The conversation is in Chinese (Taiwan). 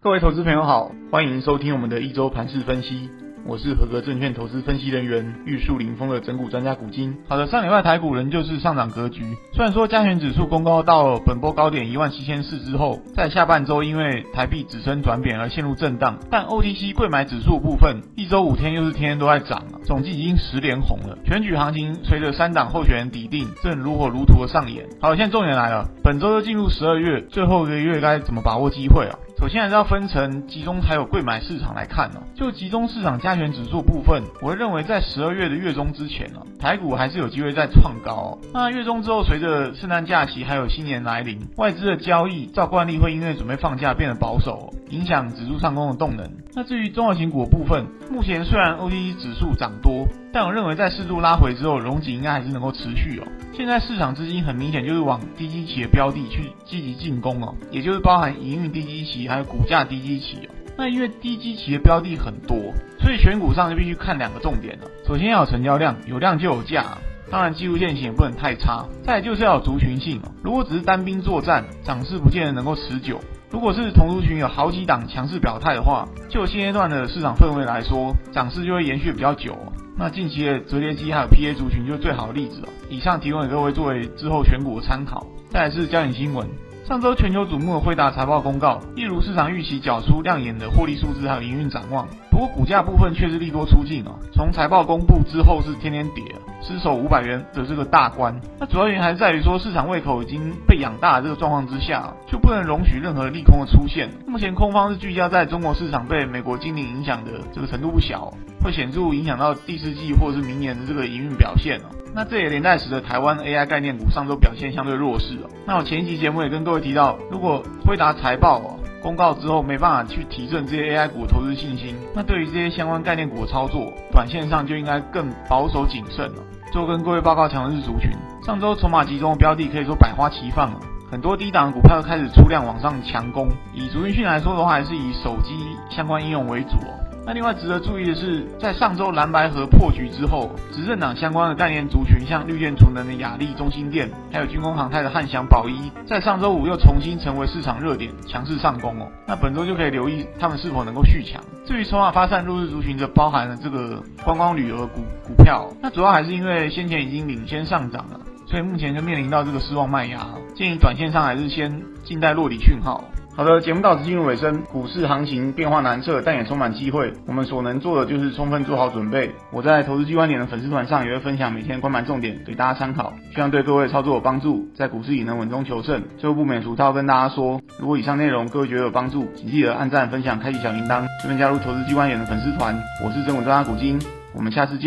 各位投資朋友好，歡迎收聽我們的一周盤勢分析，我是合格證券投資分析人員玉樹臨風的拯股專家股晶。好的，上禮拜台股仍舊是上漲格局，雖然說加權指數攻高到了本波高點一萬七千四之後，在下半周因為台幣止升轉貶而陷入震盪，但 OTC 櫃買指數部分一周五天又是天天都在漲啊，總計已經十連紅了。選舉行情隨着三黨候選人底定，正如火如荼的上演。好，現在重點來了，本周就進入十二月，最後一個月該怎麼把握機會啊？首先還是要分成集中還有櫃買市場來看哦。就集中市場加權指數部分，我認為在十二月的月中之前哦、啊，台股還是有機會再創高，哦。那月中之後，隨着聖誕假期還有新年來臨，外資的交易照慣例會因為準備放假變得保守，哦，影響指數上攻的動能。那至於中小型股部分，目前雖然 OTC 指數漲多。但我認為，在適度拉回之後，榮景應該還是能夠持續哦。現在市場資金很明顯就是往低基期的標的去積極進攻哦，也就是包含營運低基期還有股價低基期哦。那因為低基期的標的很多，所以選股上就必須看兩個重點了啊。首先要有成交量，有量就有價啊，當然技術線型也不能太差。再來就是要有族群性哦，如果只是單兵作戰，漲勢不見得能夠持久。如果是同族群有好幾檔強勢表態的話，就現階段的市場氛圍來說，漲勢就會延續比較久啊。那近期的摺疊機還有 PA 族群就是最好的例子了、哦、以上提供給各位作為之後選股的參考。再來是焦點新聞，上周全球矚目的輝達財報公告，一如市場預期，繳出亮眼的獲利數字還有營運展望。不過股價部分確實利多出盡哦。從財報公布之後是天天跌。失守五百元的這個大關，那主要原因還是在於說市場胃口已經被養大。這個狀況之下、啊、就不能容許任何利空的出現。目前空方是聚焦在中國市場被美國禁令影響的這個程度不小、啊，會顯著影響到第四季或者是明年的這個營運表現、啊、那這也連帶使得台灣 AI 概念股上周表現相對弱勢哦、啊。那我前一期節目也跟各位提到，如果輝達財報哦、啊。公告之後沒辦法去提振這些 AI 股的投資信心，那對於這些相關概念股的操作，短線上就應該更保守謹慎了。最後跟各位報告強勢族群，上周籌碼集中的標的可以說百花齊放了，很多低檔的股票都開始出量往上強攻。以族運訊來說的話，還是以手機相關應用為主哦。那另外值得注意的是，在上周藍白合破局之後，執政黨相關的概念族群，像綠電儲能的亞力、中興電，還有軍工航太的漢翔、寶一，在上周五又重新成為市場熱點，強勢上攻哦。那本周就可以留意他們是否能夠續強。至於籌碼發散弱勢族群，則包含了這個觀光旅遊股股票，哦，那主要還是因為先前已經領先上漲了。所以目前就面臨到這個失望賣壓，建議短線上還是先靜待落底訊號。好的，節目到此進入尾聲，股市行情變化難測，但也充滿機會。我們所能做的就是充分做好準備。我在投資 G 觀點的粉絲團上也會分享每天的關盤重點，給大家參考，希望對各位的操作有幫助，在股市也能穩中求勝。最後不免俗套，跟大家說，如果以上內容各位覺得有幫助，請記得按讚、分享、開啟小鈴鐺，順便加入投資 G 觀點的粉絲團。我是真文專家股晶，我們下次見。